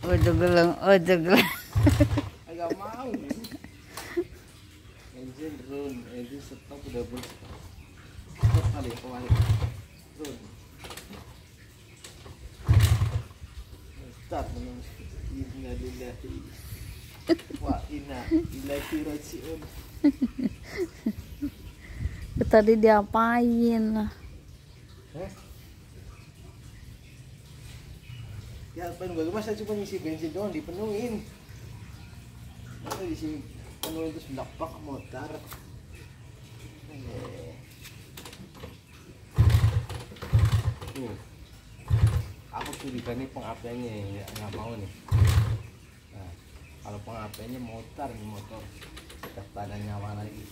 Udah gelung, udah gelung. Agak mau. Engine run, engine stop udah ber. Stop kali, kembali. Run. Start dengan Inna lillahi. Wa ina ilaihi rajiun. Tadi diapain? Hah? ya Alpen gue lupa saya cuma ngisi bensin doang dipenuhin masa diisi penuhin terus melepak motor tuh aku curiga nih pengapainya nggak, ya, nggak mau nih nah kalau pengapainya motor nih motor sudah mana nyawa lagi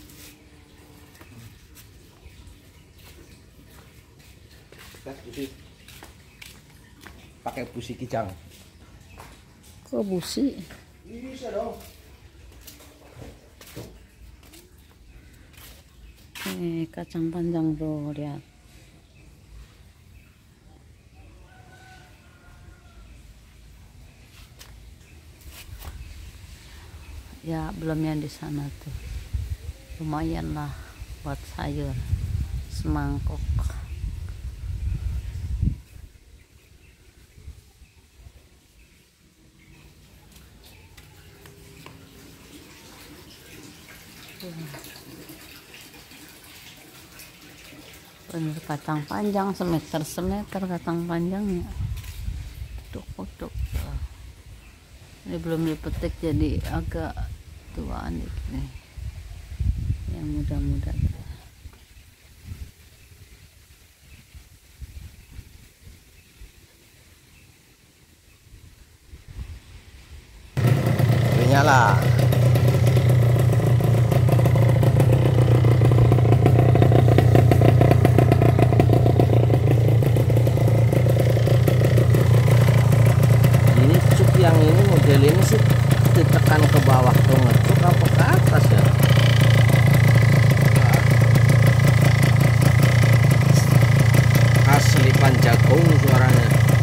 Thank you pakai busi kijang kok busi ini bisa dong eh kacang panjang tuh lihat ya belum yang di sana tuh lumayan lah buat sayur semangkuk bener batang panjang semeter semeter batang panjangnya tuh kutuk ini belum dipetik jadi agak tuaan ini yang muda-muda nyala kecil ini sih ditekan ke bawah tuh